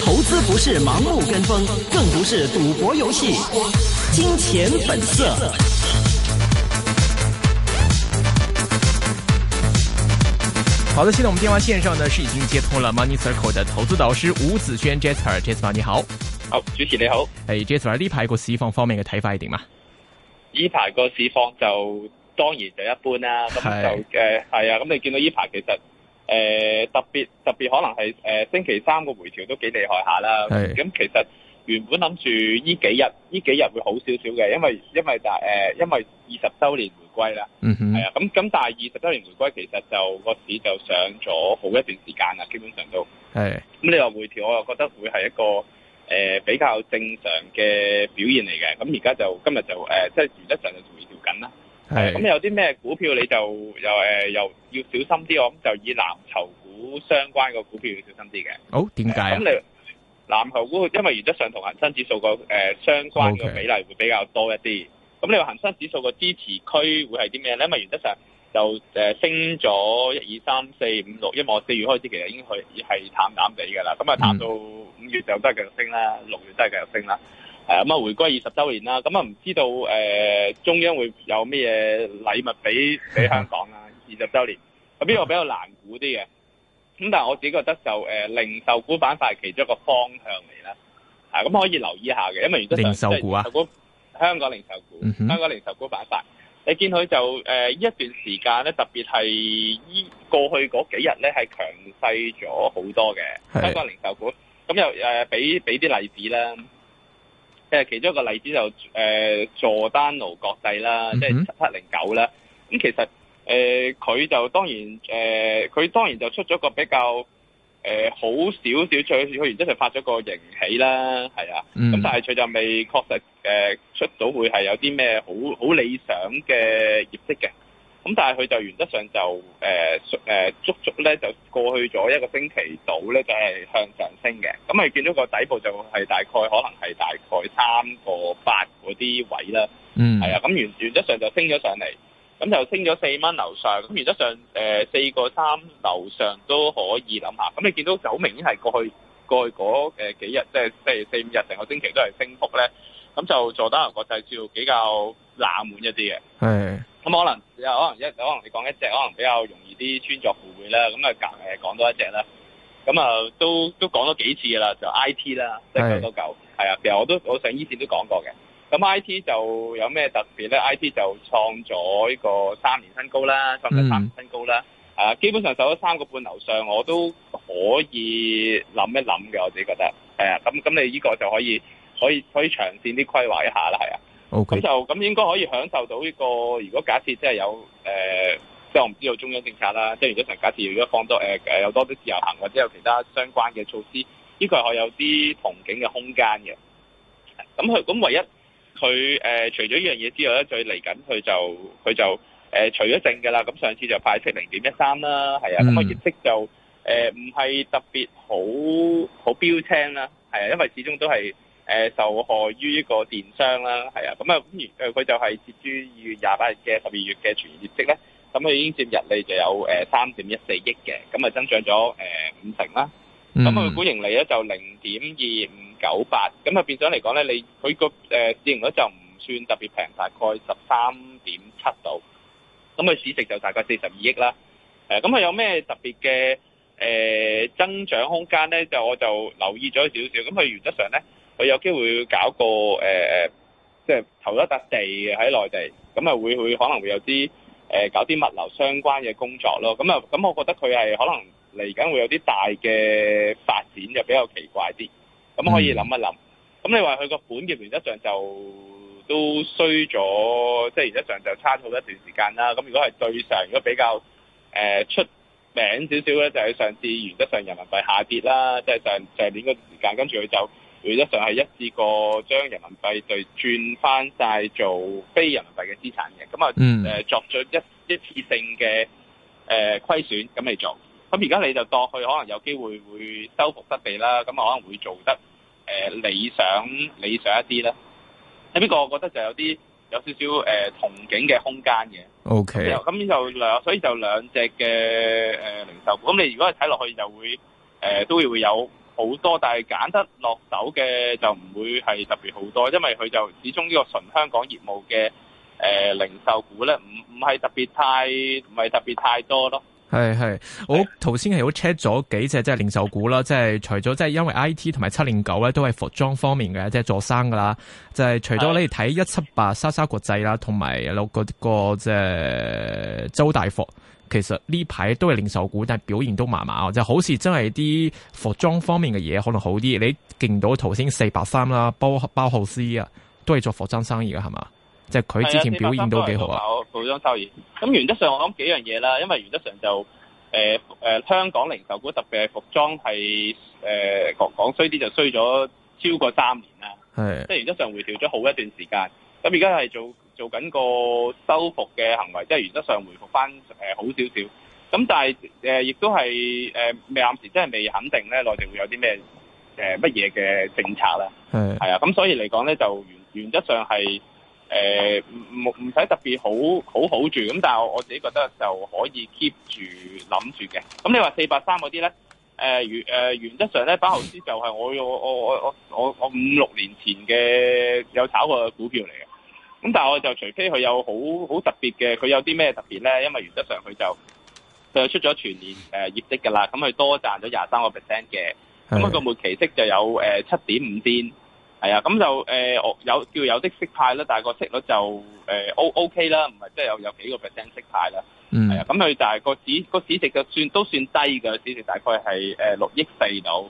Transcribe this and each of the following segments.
投資不是盲目跟風，更不是賭博遊戲，金錢本色。好的，現在我們電話線上呢是已經接通了 Money Circle 的投資導師吳子軒 Jasper Jasper，你好。好，主持你好。哎，Jasper 呢排個市況方面嘅睇法係點呀？呢排個市況就當然就一般啦。咁就誒，係啊，咁你見到呢排其實。誒、呃，特別特別可能係誒、呃、星期三個回調都幾厲害下啦。咁的其實原本諗住呢幾日呢幾日會好少少嘅，因為因為就誒、呃、因為二十周年回歸啦。嗯哼。係啊，咁咁但係二十周年回歸其實就個市就上咗好一段時間啦，基本上都係。咁的你話回調，我又覺得會係一個誒、呃、比較正常嘅表現嚟嘅。咁而家就今日就誒即係原則上就回調緊啦。係，咁是、嗯、有啲咩股票你就又誒又要小心啲哦，咁就以藍籌股相關嘅股票要小心啲嘅。好、哦，點解？咁你藍籌股，因為原則上同恒生指數個誒、呃、相關嘅比例會比較多一啲。咁 Okay.、嗯、你話恒生指數個支持區會係啲咩咧？因為原則上就誒、呃、升咗一二三四五六，因為我四月開始其實已經去係淡淡地噶啦，咁啊，淡到五月就都係繼續升啦，六月都係繼續升啦。咁啊，回歸二十周年啦，咁啊，唔知道誒，中央會有咩嘢禮物俾俾香港啦？二十周年，呢個比較難估啲嘅？咁但係我自己覺得就誒，零售股板塊其中一個方向嚟啦。啊，咁可以留意下嘅，因為如果上零售股啊就香港零售股，香港零售股，香港零售股板塊，你見佢就誒，呢一段時間咧，特別係依過去嗰幾日咧，係強勢咗好多嘅。香港零售股，咁又誒，俾俾啲例子啦。即係其中一個例子就誒、是呃、佐丹奴國際啦，即係七、mm hmm. 七零九啦。咁其實誒佢、呃、就當然誒佢、呃、當然就出咗個比較誒、呃、好少少，去佢原則就發咗個盈喜啦，係啊。咁、mm hmm. 但係佢就未確實誒出到會係有啲咩好好理想嘅業績嘅。咁但係佢就原則上就誒誒足足咧就過去咗一個星期度咧，就係向上升嘅。咁你見到個底部就係大概可能係大概三個八嗰啲位啦。嗯。係啊，咁原原則上就升咗上嚟，咁就升咗四蚊樓上。咁原則上誒四個三樓上都可以諗下。咁你見到就好明顯係過去過去嗰幾日，即係四四五日成個星期都係升幅咧。咁就做德豪國際照比較冷門一啲嘅，係咁可能有可能一可能你講一隻可能比較容易啲操作機會啦，咁啊夾誒講多一隻啦，咁啊都都講咗幾次噶啦，就 IT 啦，即係講多夠係啊，其實我都我上以前都講過嘅。咁 IT 就有咩特別咧？IT 就創咗呢個三年新高啦，甚至三年新高啦，啊基本上守咗三個半樓上，我都可以諗一諗嘅，我自己覺得係啊，咁咁你呢個就可以。可以可以長線啲規劃一下啦，係啊。咁 Okay. 就咁應該可以享受到呢、這個。如果假設即係有誒，即、呃、係我唔知道中央政策啦。即係如果成假設如果放多、呃、有多啲自由行或者有其他相關嘅措施，呢、這個係可有啲憧憬嘅空間嘅。咁佢咁唯一佢誒、呃、除咗呢樣嘢之外咧，再嚟緊佢就佢就誒、呃、除咗剩㗎啦。咁上次就派出零點一三啦，係啊。咁派、mm. 息，息就誒唔係特別好好標青啦，係啊，因為始終都係。誒受害於呢個電商啦，係啊，咁、嗯、啊，咁佢就係截至二月廿八日嘅十二月嘅全業績咧，咁佢已經接日利就有誒三點一四億嘅，咁、嗯、啊、嗯、增長咗誒五成啦，咁佢股盈利咧就零點二五九八，咁啊變相嚟講咧，你佢個誒市盈率就唔算特別平，大概十三點七度，咁、嗯、佢市值就大概四十二億啦，咁、嗯、佢、嗯、有咩特別嘅誒、呃、增長空間咧？就我就留意咗少少，咁、嗯、佢原則上咧。佢有機會搞個誒、呃，即係投一笪地喺內地，咁啊會會可能會有啲誒、呃、搞啲物流相關嘅工作咯。咁啊，咁我覺得佢係可能嚟緊會有啲大嘅發展，就比較奇怪啲。咁可以諗一諗。咁、嗯、你話佢個本業原則上就都衰咗，即、就、係、是、原則上就差好一段時間啦。咁如果係對上，如果比較誒、呃、出名少少咧，就係、是、上次原則上人民幣下跌啦，即、就、係、是、上上年嗰段時間，跟住佢就。原則上係一次過將人民幣對轉翻晒做非人民幣嘅資產嘅。咁啊誒作咗一一次性嘅誒、呃、虧損咁嚟做，咁而家你就當去可能有機會會收復失地啦，咁啊可能會做得誒、呃、理想理想一啲咧，喺呢個我覺得就有啲有少少誒同、呃、景嘅空間嘅。O K. 咁就兩，所以就兩隻嘅誒、呃、零售股，咁你如果係睇落去就會誒、呃、都會有。好多，但係揀得落手嘅就唔會係特別好多，因為佢就始終呢個純香港業務嘅、呃、零售股咧，唔唔係特別太唔係特別太多咯。係係，我頭先係好 check 咗幾隻即係零售股啦，即係除咗即係因為 IT 同埋七零九咧都係服裝方面嘅，即係助生㗎啦。就係除咗你睇是的 一七八莎莎國際啦，同埋嗰個即係、嗰個嗰個嗰個嗰個、周大福。其實呢排都係零售股，但係表現都麻麻，就好似真係啲服裝方面嘅嘢可能好啲。你見到頭先四百三啦，包包浩斯啊，都係做服裝生意嘅係嘛？即係佢之前表現都幾好啊 3,。服裝生意，咁原則上我諗幾樣嘢啦，因為原則上就誒誒、呃呃、香港零售股特別係服裝係誒講講衰啲就衰咗超過三年啦，即係的原則上回調咗好一段時間。咁而家係做。做緊個修復嘅行為，即係原則上回覆翻誒好少少。咁但係誒亦都係誒未暗示，即係未肯定咧，內地會有啲咩誒乜嘢嘅政策咧？係係啊，咁所以嚟講咧，就原原則上係誒冇唔使特別好好好住。咁但係我自己覺得就可以 keep 住諗住嘅。咁你話四百三嗰啲咧？誒原誒原則上咧，包豪斯就係我我我我我我五六年前嘅有炒過股票嚟嘅。咁但係我就除非佢有好好特別嘅，佢有啲咩特別咧？因為原則上佢就佢就出咗全年誒、呃、業績㗎啦，咁佢多賺咗廿三個 percent 嘅，咁個的末期息就有誒七點五啲，係、呃、啊，咁就誒、呃、有叫有啲息派啦，但係個息率就誒 O, OK 啦，唔係即係有有幾個 percent 息派啦，係啊，咁佢但係個市個市值就算都算低嘅，市值大概係誒六億四到。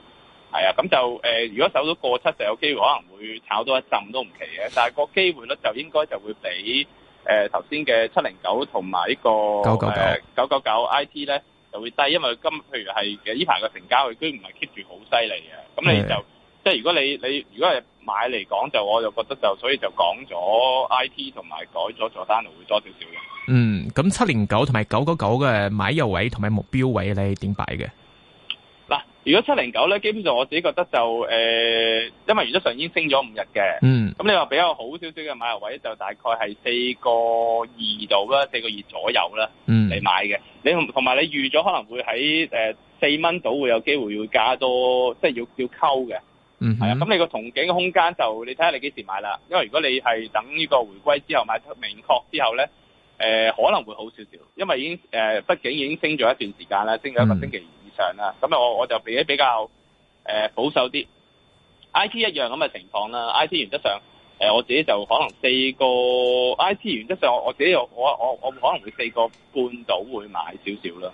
係啊，咁就誒，如果守到過七，就有機會可能會炒多一陣都唔奇嘅。但係個機會率就應該就會比誒頭先嘅七零九同埋呢個九九九九九九 I T 咧就會低，因為今譬如係呢排嘅成交佢居然唔係 keep 住好犀利嘅。咁你就即係如果你你如果係買嚟講，就我就覺得就所以就講咗 I T 同埋改咗做單會多少少嘅。嗯，咁七零九同埋九九九嘅買入位同埋目標位你點擺嘅？如果七零九咧，基本上我自己覺得就誒、呃，因為原則上已經升咗五日嘅。嗯。咁你話比較好少少嘅買入位就大概係四個二度啦，四個二左右啦，嚟、嗯、買嘅。你同同埋你預咗可能會喺四蚊度會有機會會加多，即係要要溝嘅。嗯哼。係啊，咁你個憧憬嘅空間就你睇下你幾時買啦。因為如果你係等呢個回歸之後買明確之後咧、呃，可能會好少少，因為已經誒畢、呃、竟已經升咗一段時間啦，升咗一個星期。嗯上啦，咁啊，我我就比起比較誒保守啲。呃、I T 一樣咁嘅情況啦，I T 原則上誒，我自己就可能四個 I T 原則上，我自己我我我可能會四個半到會買少少啦。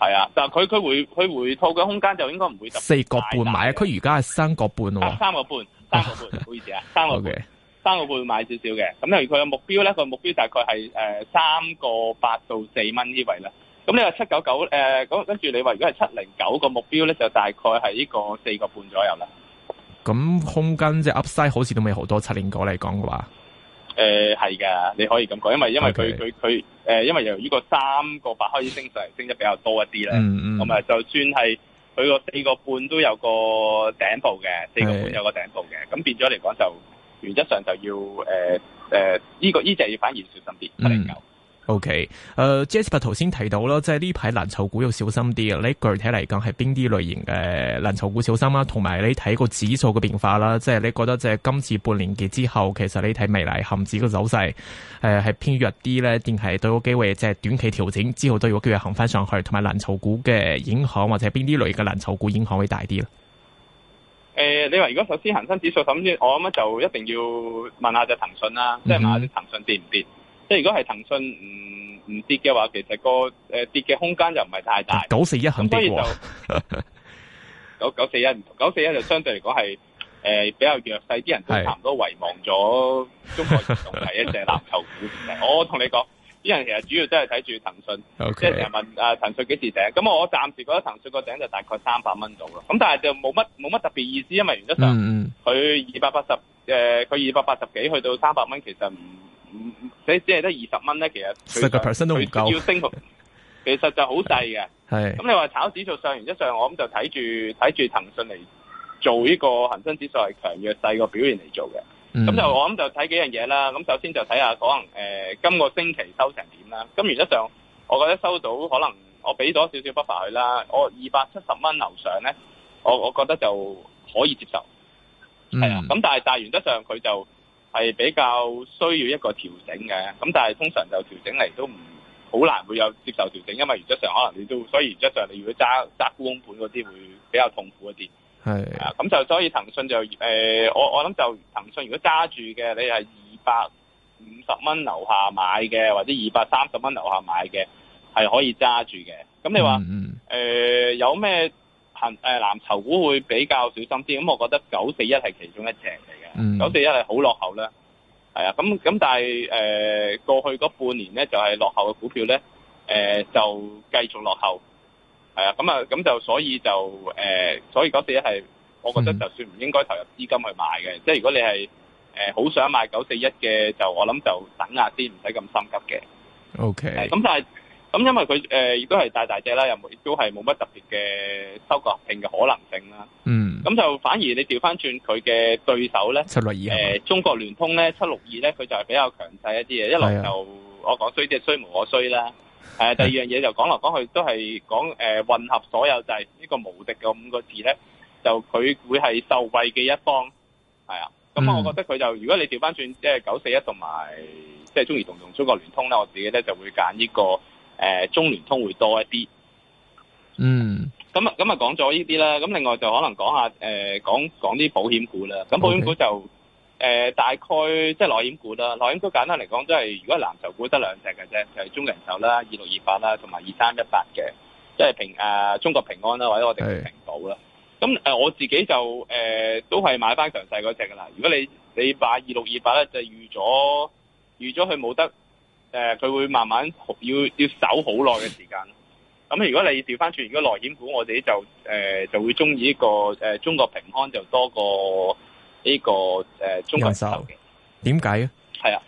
係啊，就佢佢回佢回吐嘅空間就應該唔會四個半買啊。佢而家係三個半喎。三個半，三個半，唔好意思啊，三個嘅三個半， okay 三個半買少少嘅。咁例如佢嘅目標咧，個目標大概係誒三個八到四蚊呢位啦。咁你話七九九誒，咁跟住你話如果係七零九個目標咧，就大概係呢個四個半左右啦。咁空間即係、就是、Upside 好似都未好多七零九嚟講嘅話，誒係噶，你可以咁講，因為因為佢佢佢誒，因為由呢個三個八開始升上，升得比較多一啲咧。同埋咁就算係佢個四個半都有個頂部嘅，四個半有個頂部嘅，咁的變咗嚟講就，原則上就要誒誒呢個呢隻、這個、要反而小心啲七零九。嗯 O、okay. K，、uh, 誒，Jasper 頭先提到啦，即係呢排藍籌股要小心啲啊！你具體嚟講係邊啲類型嘅藍籌股小心啦、啊？同埋你睇個指數嘅變化啦，即係你覺得即係今次半年結之後，其實你睇未來恒指嘅走勢，誒係偏弱啲咧，定係對有機會即係短期調整之後都個叫佢行翻上去？同埋藍籌股嘅影響或者邊啲類嘅藍籌股影響會大啲咧？誒、呃，你話如果首先恒生指數，咁我諗就一定要問，問下隻騰訊啦，即係問下啲騰訊跌唔跌？嗯即係如果係騰訊唔唔跌嘅話，其實個誒跌嘅空間就唔係太大。九四一肯跌喎、喔，九九四一，唔同九四一就相對嚟講係誒比較弱勢啲人，都差唔多遺忘咗中國傳統係一隻藍籌股 我同你講，啲人其實主要都係睇住騰訊，Okay. 即係成日問啊騰訊幾時頂？咁我暫時覺得騰訊個頂就大概三百蚊度咯。咁但係就冇乜冇乜特別意思，因為原則上佢二百八十、呃，佢二百八十誒，佢二百八十幾去到三百蚊，其實唔。你只係得二十蚊咧，其實佢個 percent 都唔夠，升幅 其實就好細嘅。係咁，那你話炒指數上，原則上，我諗就睇住睇住騰訊嚟做呢個恒生指數係強弱細個表現嚟做嘅。咁、嗯、就我諗就睇幾樣嘢啦。咁首先就睇下可能誒今、呃這個星期收成點啦。咁原則上，我覺得收到可能我俾咗少少不法佢啦。我二百七十蚊樓上咧，我我覺得就可以接受。係、嗯、啊，咁但係但係原則上佢就。係比較需要一個調整嘅。咁但係通常就調整嚟都唔好難會有接受調整，因為原則上可能你都，所以原則上你如果揸揸沽空盤嗰啲會比較痛苦一啲。係是啊，咁就所以騰訊就誒、呃，我我諗就騰訊如果揸住嘅，你係二百五十蚊樓下買嘅，或者二百三十蚊樓下買嘅，係可以揸住嘅。咁你話誒、嗯呃、有咩行誒藍籌股會比較小心啲？咁我覺得九四一係其中一隻嚟。九四一係好落後啦，係啊，咁咁但係誒、呃、過去嗰半年咧就係、是、落後嘅股票咧，誒、呃、就繼續落後，係啊，咁、嗯、啊，咁就所以就誒、呃，所以九四一係，我覺得就算唔應該投入資金去買嘅，嗯、即係如果你係誒好想買九四一嘅，就我諗就等下先，唔使咁心急嘅。OK，咁但係。咁因為佢誒亦都係大大隻啦，又冇亦都係冇乜特別嘅收購合併嘅可能性啦。嗯，咁就反而你調翻轉佢嘅對手咧，七六二誒中國聯通咧，七六二咧佢就係比較強勢一啲嘅，一來就我講衰即係衰無可衰啦。誒，第二樣嘢就講嚟講去都係講誒混合所有制呢個無敵嘅五個字咧，就佢會係受惠嘅一方，係啊。咁我覺得佢就如果你調翻轉即係九四一同埋即係中移動同中國聯通咧，我自己咧就會揀呢個。誒、呃，中聯通會多一啲，嗯，咁啊，咁啊，講咗呢啲啦，咁另外就可能講下，誒、呃，講講啲保險股啦，咁保險股就，誒 Okay.、呃，大概即係內險股啦，內險股都簡單嚟講，即係如果藍籌股得兩隻嘅啫，就係、是、中國人壽啦、二六二八啦，同埋二三一八嘅，即、就、係、是、平誒、呃、中國平安啦，或者我哋嘅平保啦，咁誒是我自己就誒、呃、都係買翻強勢嗰隻噶啦，如果你你買二六二八咧，就預咗預咗佢冇得。誒，佢、呃、會慢慢要要守好耐嘅時間。咁、嗯、如果你調翻轉如果內險股，我哋就誒、呃、就會中意呢個誒、呃、中國平安，就多過呢、這個誒、呃、中國人壽。點解啊？係啊，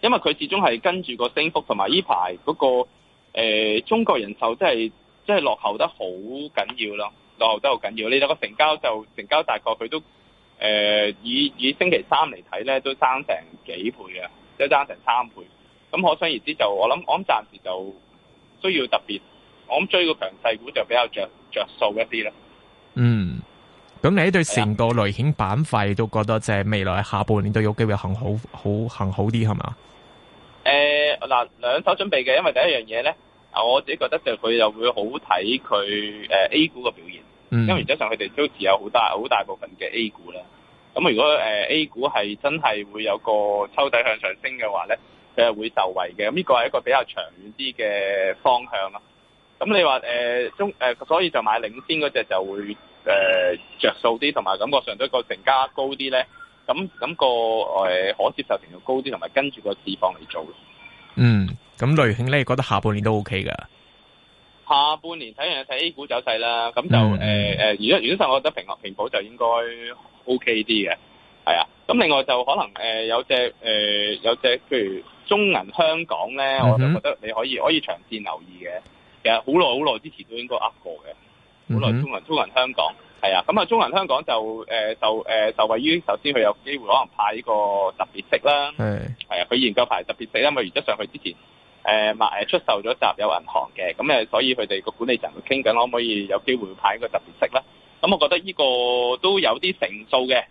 因為佢始終係跟住、個升幅同埋呢排嗰個中國人壽，即係即係落後得好緊要咯，落後得好緊要。你睇個成交就成交，大概佢都誒、呃、以以星期三嚟睇咧，都爭成幾倍呀，即係爭成三倍。咁可想而知，就我諗，我諗暫時就需要特別，我諗追個強勢股就比較着着數一啲啦。嗯，咁你對成個雷險板塊都覺得即係未來下半年都有機會行好好行好啲，係嘛？誒、呃，嗱，兩手準備嘅，因為第一樣嘢咧，我自己覺得就佢又會好睇佢誒 A 股嘅表現，嗯、因為實質上佢哋都持有好大好大部分嘅 A 股啦。咁如果誒、呃、A 股係真係會有個抽底向上升嘅話咧？誒會受惠嘅，咁呢個係一個比較長遠啲嘅方向咁、啊、你話、呃、中、呃、所以就買領先嗰隻就會誒、呃、著數啲，同埋感覺上都個成交高啲咧。咁咁、那個、呃、可接受程度高啲，同埋跟住個市況嚟做。嗯，咁雷慶咧，你覺得下半年都 O K 噶。下半年睇完睇 A 股走勢啦，咁就而家、嗯呃、上，我覺得平平就應該 O K 啲嘅，係啊。咁另外就可能、呃、有隻誒、呃、有隻，、呃、有隻譬如。中銀香港咧，我就覺得你可以可以長線留意嘅。其實好耐好耐之前都應該 up 過嘅，好耐，中銀中銀香港，係啊。咁啊，中銀香港，銀香港就就就位於，首先佢有機會可能派呢個特別息啦，係啊的，佢研究派特別息啦。咪原則上去之前、呃、出售咗集友銀行嘅，咁誒所以佢哋個管理層會傾緊可唔可以有機會派呢個特別息啦。咁我覺得呢個都有啲成數嘅。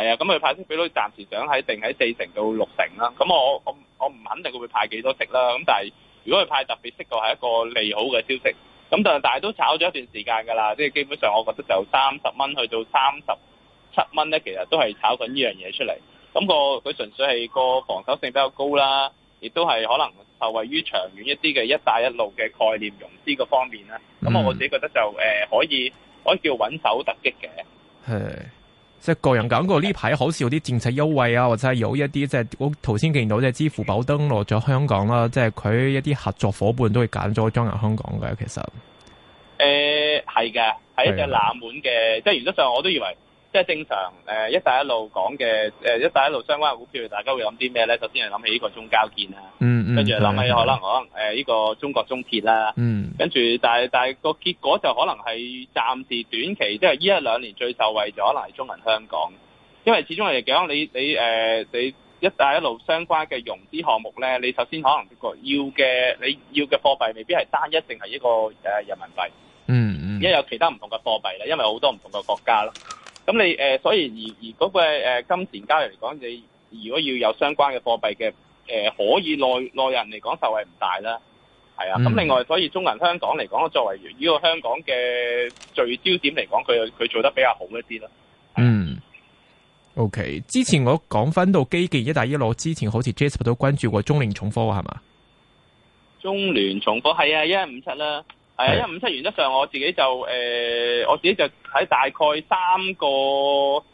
係啊，咁佢派息比率暫時想喺定喺四成到六成啦。咁我我我唔肯定佢會派幾多息啦。咁但係如果佢派特別息度係一個利好嘅消息，咁但係但係都炒咗一段時間㗎啦。即係基本上，我覺得就三十蚊去到三十七蚊咧，其實都係炒緊呢樣嘢出嚟。咁、個佢純粹係個防守性比較高啦，亦都係可能受惠於長遠一啲嘅「一帶一路」嘅概念融資嘅方面啦。咁我自己覺得就、嗯呃、可以可以叫穩守突擊嘅。係。即係個人感覺呢排好似有啲政策優惠啊，或者係有一啲即係我頭先見到即係支付寶登落咗香港啦，即係佢一啲合作伙伴都會揀咗裝入香港嘅其實。誒係嘅，係一隻冷門嘅，的即係原則上我都以為。即係正常誒，一帶一路講嘅誒，一帶一路相關嘅股票，大家會諗啲咩咧？首先係諗起呢個中交建啦、嗯，嗯嗯，跟住諗起可能、嗯、可能誒呢個中國中鐵啦，嗯，跟住但係但係個結果就可能係暫時短期即係呢一兩年最受惠就可能係中銀香港，因為始終嚟講你你誒你、呃、你一帶一路相關嘅融資項目咧，你首先可能個要嘅你要嘅貨幣未必係單一，定係一個誒、啊、人民幣，嗯嗯，而、嗯、家有其他唔同嘅貨幣咧，因為好多唔同嘅國家咯。咁你誒、呃，所以而而嗰個金錢交易嚟講，你如果要有相關嘅貨幣嘅誒、呃，可以內內人嚟講，受惠唔大啦。係啊，咁、嗯、另外，所以中銀香港嚟講，作為呢個香港嘅聚焦點嚟講，佢佢做得比較好一啲啦。嗯。O、okay, K，之前我講翻到基建一帶一路之前，好似 Jasper 都關注過中聯重科，係嘛？中聯重科係啊，一一五七啦。係啊，因為五七原則上我自己就、呃，我自己就誒，我自己就喺大概三個，我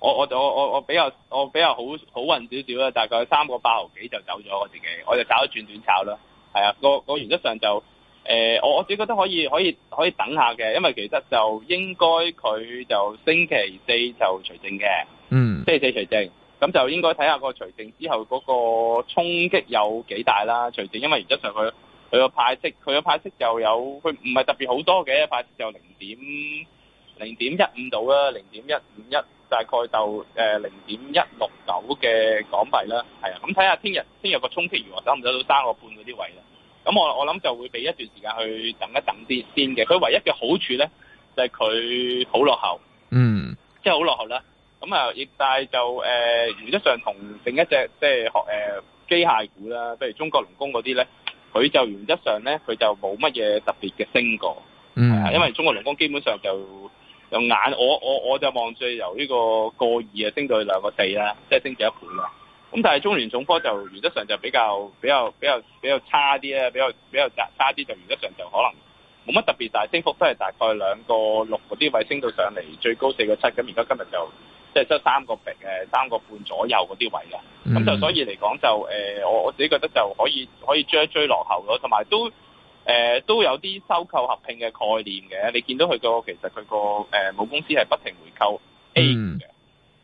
我我我我比較我比較好好運少少啦，大概三個八毫幾就走咗，我自己我就搞一轉短炒啦。係啊，個個原則上就誒、呃，我我自己覺得可以可以可以等下嘅，因為其實就應該佢就星期四就除淨嘅，嗯，星期四除淨，咁就應該睇下個除淨之後嗰個衝擊有幾大啦。除淨因為原則上佢。佢個派息，佢個派息就有，佢唔係特別好多嘅派息就，就零點零點一五度啦，零點一五一，大概就誒零點一六九嘅港幣啦。係啊，咁睇下聽日聽日個衝擊如何，走唔走到三個半嗰啲位咧。咁我我諗就會俾一段時間去等一等啲先嘅。佢唯一嘅好處咧，就係佢好落後，嗯，即係好落後啦。咁、嗯、啊，亦但係就誒原則上同另一隻即係學誒機械股啦，譬如中國龍工嗰啲咧。佢就原則上咧，佢就冇乜嘢特別嘅升過，嗯、mm hmm. 因為中國龍工基本上就有眼，我我我就望住由呢個個二啊升到去兩個四啦，即係升咗一倍啦。咁但係中聯重科就原則上就比較比較比較比較差啲啦，比較比較窄差啲，就原則上就可能冇乜特別大升幅，都係大概兩個六嗰啲位升到上嚟，最高四個七，咁而家今日就。即係得三個 p 三個半左右嗰啲位啦。咁就所以嚟講就誒，我、呃、我自己覺得就可以可以追一追落後咯。同埋都誒、呃、都有啲收購合併嘅概念嘅。你見到佢個其實佢個誒母公司係不停回購 A 股嘅，誒、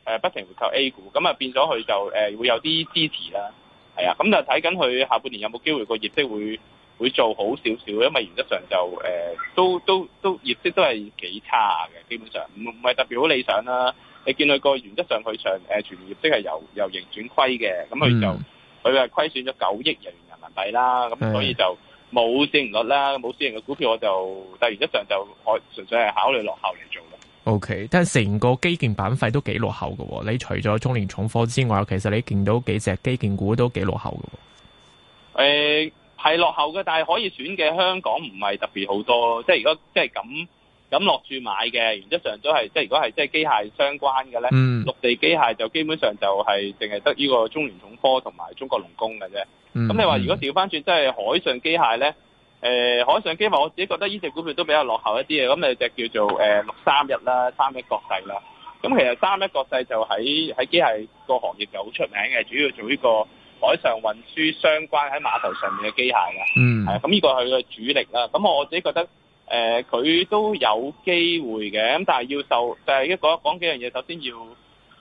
嗯、不停回購 A 股。咁啊變咗佢就誒、呃、會有啲支持啦。係啊，咁就睇緊佢下半年有冇機會個業績會會做好少少。因為原則上就誒、呃、都都都業績都係幾差嘅，基本上唔唔係特別好理想啦。你見佢個原則上佢上誒全年業績係由由盈轉虧嘅，咁佢就佢係、嗯、虧損咗九億人民人民幣啦，咁、嗯、所以就冇市盈率啦，冇市盈嘅股票我就但原則上就我純粹係考慮落後嚟做咯。O、okay, K，但係成個基建板塊都幾落後嘅喎、哦，你除咗中聯重科之外，其實你見到幾隻基建股都幾落後嘅喎。誒、呃，係落後嘅，但係可以選嘅香港唔係特別好多，即係如果即係咁。咁落住買嘅，原則上都係即係如果係即係機械相關嘅咧，嗯、陸地機械就基本上就係淨係得呢個中聯重科同埋中國龍工嘅啫。咁、嗯、你話如果調翻轉即係海上機械咧、呃，海上機械我自己覺得呢隻股票都比較落後一啲嘅。咁你就叫做誒、呃、三一啦，三一國際啦。咁其實三一國際就喺喺機械個行業就好出名嘅，主要做呢個海上運輸相關喺碼頭上面嘅機械嘅，咁呢、嗯啊、個係佢嘅主力啦。咁我我自己覺得。誒佢、呃、都有機會嘅，咁但係要受就係、是、一個講幾樣嘢，首先要誒、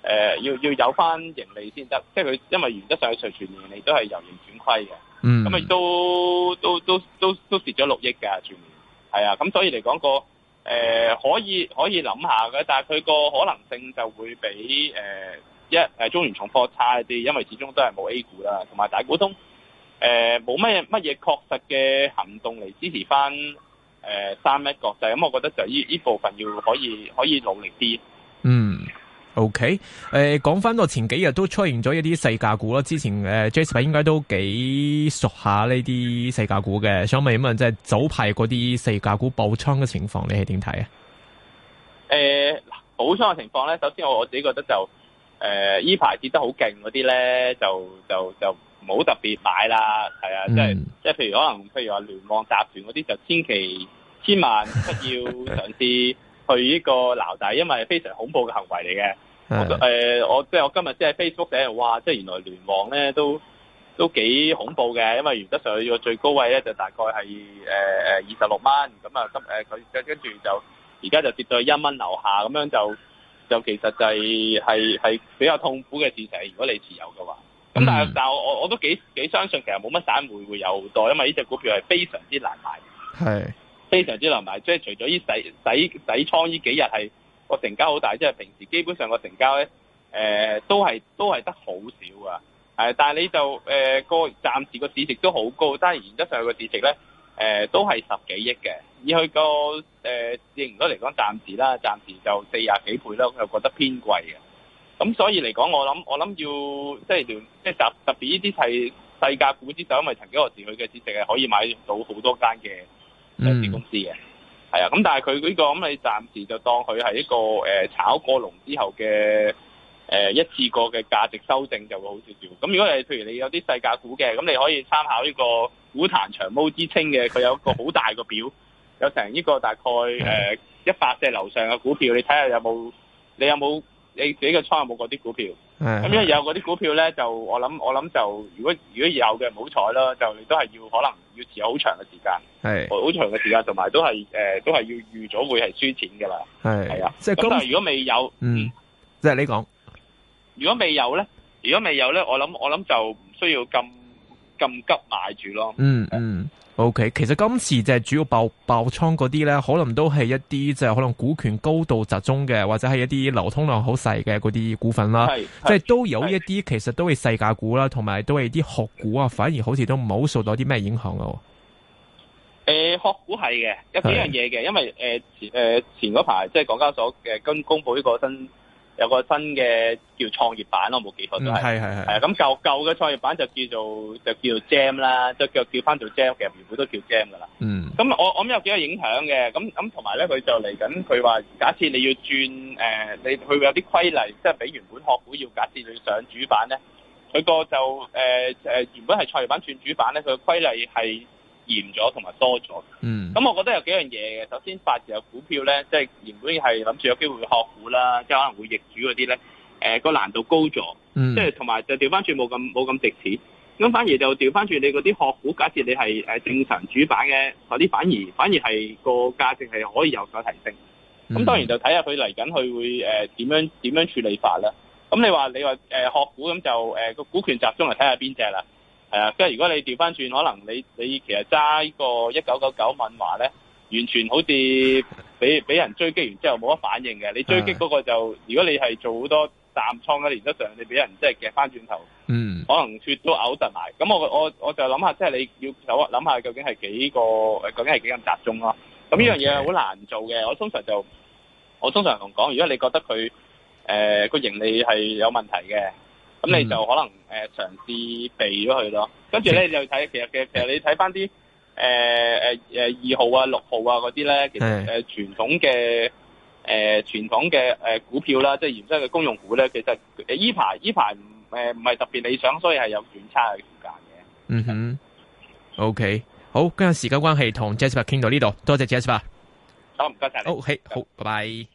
呃、要要有翻盈利先得，即係佢因為原則上佢全全年盈利都係由盈轉虧嘅，咁咪、嗯、都都都都都蝕咗六億㗎全年，係啊，咁所以嚟講個誒、呃、可以可以諗下嘅，但係佢個可能性就會比誒、呃、一中原重科差一啲，因為始終都係冇 A 股啦同埋大股通大股東誒冇咩乜嘢確實嘅行動嚟支持翻。誒、呃，三一國際，咁、就是、我覺得就依依部分要可以可以努力啲。嗯，OK，誒，講翻我前幾日都出現咗一啲細價股囉。之前誒、呃、Jason 應該都幾熟下呢啲細價股嘅，想問一問，即、就、係、是、早排嗰啲細價股爆倉嘅情況，你係點睇啊？誒、呃，爆倉嘅情況咧，首先我我自己覺得就，誒、呃，呢排跌得好勁嗰啲咧，就就就。就冇特別買啦，係啊，即係即係，就是、譬如可能，譬如話聯網集團嗰啲就千祈 千萬不要嘗試去呢個撈底，因為非常恐怖嘅行為嚟嘅。誒、 呃，我即係我今日即係 Facebook 寫，哇！即係原來聯網咧都都幾恐怖嘅，因為原則上佢個最高位咧就大概係誒誒二十六蚊，咁啊佢跟住就而家就跌到一蚊樓下，咁樣就就其實就係係係比較痛苦嘅事情，如果你持有嘅話。咁但係，嗯、但我我都幾幾相信，其實冇乜散會會有好多，因為呢隻股票係非常之難買。係是非常之難買，即係除咗呢洗洗洗倉呢幾日係個成交好大，即係平時基本上個成交咧，誒、呃、都係都係得好少㗎、呃。但係你就誒個、呃、暫時個市值都好高，但係原則上個市值咧，誒、呃、都係十幾億嘅，以佢、那個誒市盈率嚟講，暫時啦，暫時就四廿幾倍啦，我覺得偏貴嘅。咁、嗯、所以嚟講，我諗我諗要即係即特特別呢啲係細價股之首，因為曾經嗰時佢嘅市值係可以買到好多間嘅上市公司嘅，係啊、嗯。咁、嗯、但係佢呢個咁、嗯，你暫時就當佢係一個、呃、炒過籠之後嘅、呃、一次過嘅價值修正就會好少少。咁、嗯、如果係譬如你有啲細價股嘅，咁你可以參考呢個股壇長毛之稱嘅，佢有一個好大個表，有成呢個大概一百隻樓上嘅股票，你睇下有冇你有冇？你自己嘅倉有冇嗰啲股票？咁是因為有嗰啲股票咧，就我諗我諗就，如果如果有嘅唔好彩咯，就你都係要可能要持有好長嘅時間。係好是長嘅時間，同埋都係誒、呃，都係要預咗會係輸錢噶啦。係係是啊，即係咁。但係如果未有，嗯，嗯即係你講，如果未有咧，如果未有咧，我諗我諗就唔需要咁咁、嗯、急買住咯。嗯嗯。嗯。O、okay, K，其實今次就係主要爆爆倉嗰啲咧，可能都係一啲就係、是、可能股權高度集中嘅，或者係一啲流通量好細嘅嗰啲股份啦。係即係都有一啲，是的其實都係細價股啦，同埋都係啲學股啊，反而好似都唔好受到啲咩影響咯。誒、呃，學股係嘅，有幾樣嘢嘅，的因為誒誒、呃、前嗰排、呃、即係港交所嘅跟公布呢個新。有個新嘅叫創業板咯，冇記錯都係。啊、嗯，咁舊舊嘅創業板就叫做就叫做 Gem 啦，就叫叫翻做 Gem 嘅，原本都叫 Gem 噶啦。嗯。咁我我咁有幾個影響嘅，咁咁同埋咧，佢就嚟緊，佢話假設你要轉誒、呃，你佢會有啲規例，即係俾原本學府要假設你要上主板咧，佢個就誒、呃呃、原本係創業板轉主板咧，佢嘅規例係。嚴咗同埋多咗，咁、嗯、我覺得有幾樣嘢嘅。首先，八成有股票咧，即係原本係諗住有機會去學股啦，即係可能會易主嗰啲咧，個、呃、難度高咗，嗯、即係同埋就調翻轉冇咁冇咁值錢，咁反而就調翻轉你嗰啲學股，假設你係誒正常主板嘅嗰啲，反而反而係個價值係可以有所提升。咁、嗯、當然就睇下佢嚟緊佢會點、呃、樣點樣處理法啦。咁你話你話、呃、學股咁就個、呃、股權集中嚟睇下邊隻啦。誒，即係、uh, 如果你調翻轉，可能你你其實揸呢個一九九九敏華咧，完全好似俾俾人追擊完之後冇乜反應嘅。你追擊嗰個就， 如果你係做好多淡倉嘅，連得上你俾人即係夾翻轉頭，嗯，mm. 可能血都嘔突埋。咁我我我就諗下，即係你要有諗下究竟係幾個，呃、究竟係幾咁集中咯、啊。咁呢樣嘢好難做嘅 Okay.。我通常就我通常同講，如果你覺得佢誒個盈利係有問題嘅。咁你就可能誒、嗯呃、嘗試避咗佢咯，跟住咧是就睇其實嘅，其實你睇翻啲誒誒誒二號啊、六號啊嗰啲咧，其實誒傳統嘅誒、呃、傳統嘅誒、呃呃、股票啦，即係原先嘅公用股咧，其實依排依排誒唔係特別理想，所以係有轉差嘅時間嘅。嗯哼的，OK，好，今日時間關係同 Jasper 傾到呢度，多謝 Jasper。好，唔該曬。謝謝。OK，好，拜拜 go.。Bye bye